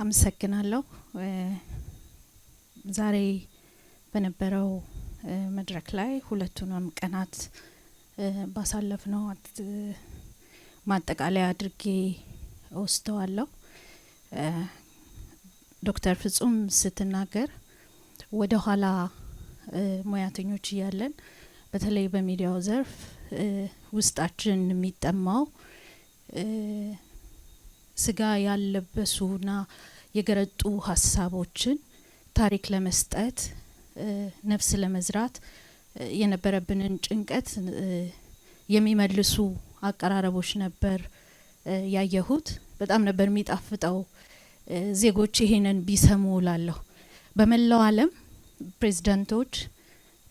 አመሰግናለሁ። ዛሬ በነበረው መድረክ ላይ ሁለቱንም ቀናት ባሳለፍነው ማጠቃለያ አድርጌ እወስደዋለሁ። ዶክተር ፍጹም ስትናገር ወደ ኋላ ሙያተኞች እያለን በተለይ በሚዲያው ዘርፍ ውስጣችን የሚጠማው ስጋ ያለበሱና የገረጡ ሀሳቦችን ታሪክ ለመስጠት ነፍስ ለመዝራት የነበረብንን ጭንቀት የሚመልሱ አቀራረቦች ነበር ያየሁት። በጣም ነበር የሚጣፍጠው። ዜጎች ይሄንን ቢሰሙ ላለሁ በመላው ዓለም ፕሬዚደንቶች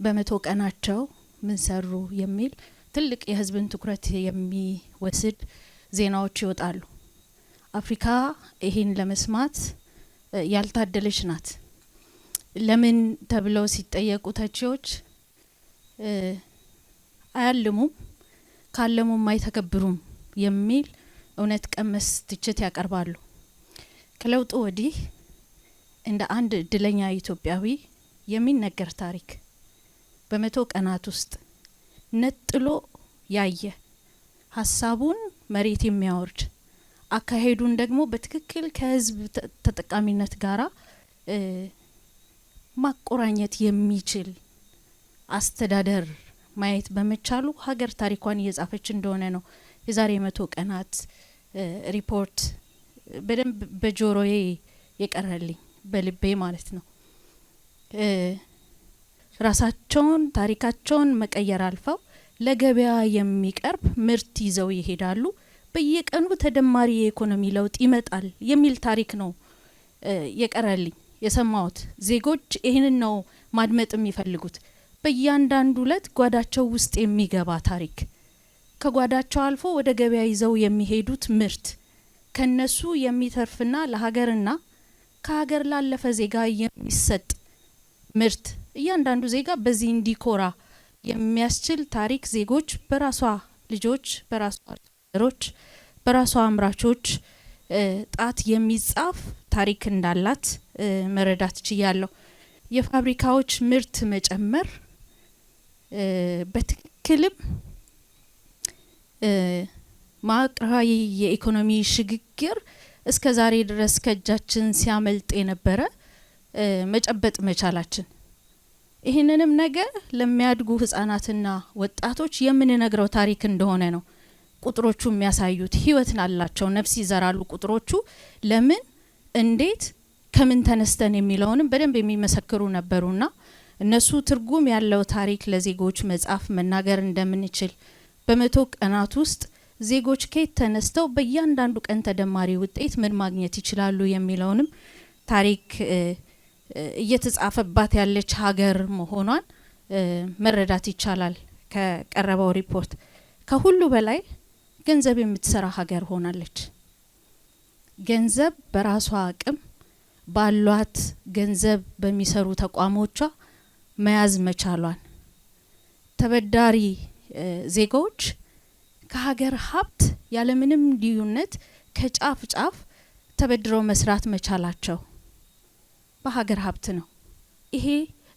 በመቶ ቀናቸው ምን ሰሩ የሚል ትልቅ የህዝብን ትኩረት የሚወስድ ዜናዎች ይወጣሉ። አፍሪካ ይሄን ለመስማት ያልታደለች ናት። ለምን ተብለው ሲጠየቁ ተቺዎች አያልሙም፣ ካለሙም አይተገብሩም የሚል እውነት ቀመስ ትችት ያቀርባሉ። ከለውጡ ወዲህ እንደ አንድ እድለኛ ኢትዮጵያዊ የሚነገር ታሪክ በመቶ ቀናት ውስጥ ነጥሎ ያየ ሀሳቡን መሬት የሚያወርድ አካሄዱን ደግሞ በትክክል ከህዝብ ተጠቃሚነት ጋራ ማቆራኘት የሚችል አስተዳደር ማየት በመቻሉ ሀገር ታሪኳን እየጻፈች እንደሆነ ነው የዛሬ መቶ ቀናት ሪፖርት በደንብ በጆሮዬ የቀረልኝ በልቤ ማለት ነው። ራሳቸውን ታሪካቸውን መቀየር አልፈው ለገበያ የሚቀርብ ምርት ይዘው ይሄዳሉ። በየቀኑ ተደማሪ የኢኮኖሚ ለውጥ ይመጣል የሚል ታሪክ ነው የቀረልኝ የሰማሁት። ዜጎች ይህንን ነው ማድመጥ የሚፈልጉት። በእያንዳንዱ ዕለት ጓዳቸው ውስጥ የሚገባ ታሪክ፣ ከጓዳቸው አልፎ ወደ ገበያ ይዘው የሚሄዱት ምርት፣ ከነሱ የሚተርፍና ለሀገርና ከሀገር ላለፈ ዜጋ የሚሰጥ ምርት፣ እያንዳንዱ ዜጋ በዚህ እንዲኮራ የሚያስችል ታሪክ ዜጎች በራሷ ልጆች በራሷ ወታደሮች በራሷ አምራቾች ጣት የሚጻፍ ታሪክ እንዳላት መረዳት ችያለሁ። የፋብሪካዎች ምርት መጨመር በትክክልም ማቅራዊ የኢኮኖሚ ሽግግር እስከ ዛሬ ድረስ ከእጃችን ሲያመልጥ የነበረ መጨበጥ መቻላችን ይህንንም ነገር ለሚያድጉ ህጻናትና ወጣቶች የምንነግረው ታሪክ እንደሆነ ነው። ቁጥሮቹ የሚያሳዩት ህይወት አላቸው ነፍስ ይዘራሉ ቁጥሮቹ ለምን እንዴት ከምን ተነስተን የሚለውንም በደንብ የሚመሰክሩ ነበሩና እነሱ ትርጉም ያለው ታሪክ ለዜጎች መጻፍ መናገር እንደምንችል በመቶ ቀናት ውስጥ ዜጎች ከየት ተነስተው በእያንዳንዱ ቀን ተደማሪ ውጤት ምን ማግኘት ይችላሉ የሚለውንም ታሪክ እየተጻፈባት ያለች ሀገር መሆኗን መረዳት ይቻላል ከቀረበው ሪፖርት ከሁሉ በላይ ገንዘብ የምትሰራ ሀገር ሆናለች። ገንዘብ በራሷ አቅም ባሏት ገንዘብ በሚሰሩ ተቋሞቿ መያዝ መቻሏን ተበዳሪ ዜጋዎች ከሀገር ሀብት ያለምንም ልዩነት ከጫፍ ጫፍ ተበድረው መስራት መቻላቸው በሀገር ሀብት ነው። ይሄ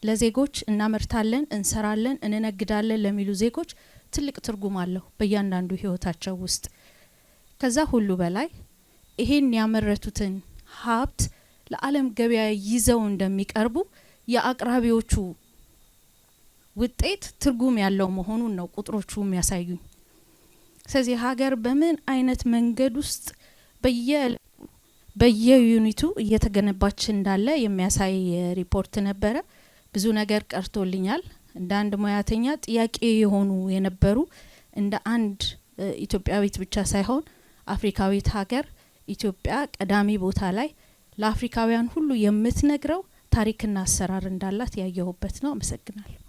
ለዜጎች እናመርታለን፣ እንሰራለን፣ እንነግዳለን ለሚሉ ዜጎች ትልቅ ትርጉም አለው በእያንዳንዱ ህይወታቸው ውስጥ። ከዛ ሁሉ በላይ ይሄን ያመረቱትን ሀብት ለዓለም ገበያ ይዘው እንደሚቀርቡ የአቅራቢዎቹ ውጤት ትርጉም ያለው መሆኑን ነው ቁጥሮቹ የሚያሳዩኝ። ስለዚህ ሀገር በምን አይነት መንገድ ውስጥ በየዩኒቱ እየተገነባች እንዳለ የሚያሳይ ሪፖርት ነበረ። ብዙ ነገር ቀርቶልኛል። እንደ አንድ ሙያተኛ ጥያቄ የሆኑ የነበሩ እንደ አንድ ኢትዮጵያዊት ብቻ ሳይሆን አፍሪካዊት ሀገር ኢትዮጵያ ቀዳሚ ቦታ ላይ ለአፍሪካውያን ሁሉ የምትነግረው ታሪክና አሰራር እንዳላት ያየሁበት ነው። አመሰግናለሁ።